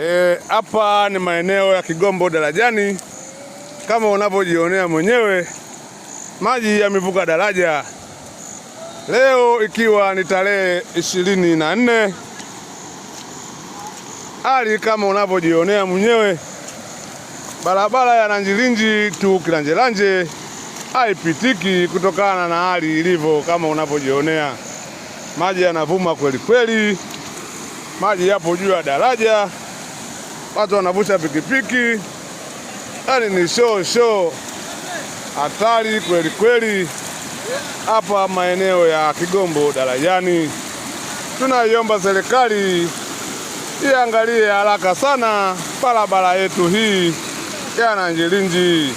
E, hapa e, ni maeneo ya Kigombo Darajani, kama unavyojionea mwenyewe, maji yamevuka daraja. Leo ikiwa ni tarehe ishirini na nne, hali kama unavyojionea mwenyewe, barabara ya Nanjirinji tu Kilanjelanje haipitiki kutokana na hali ilivyo. Kama unavyojionea, maji yanavuma kweli kweli, maji yapo juu ya daraja watu wanavusha pikipiki, yaani ni show show, hatari kweli kweli hapa maeneo ya Kigombo Darajani. Tunaiomba serikali iangalie haraka sana barabara yetu hii ya Nanjilinji.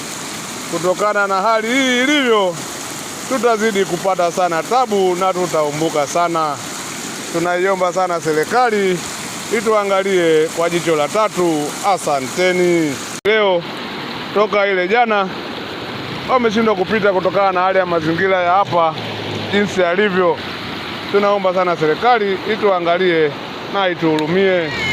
Kutokana na hali hii ilivyo, tutazidi kupata sana tabu na tutaumbuka sana. Tunaiomba sana serikali ili tuangalie kwa jicho la tatu. Asanteni. Leo toka ile jana wameshindwa kupita kutokana na hali ya mazingira ya hapa jinsi yalivyo. Tunaomba sana serikali ituangalie na ituhurumie.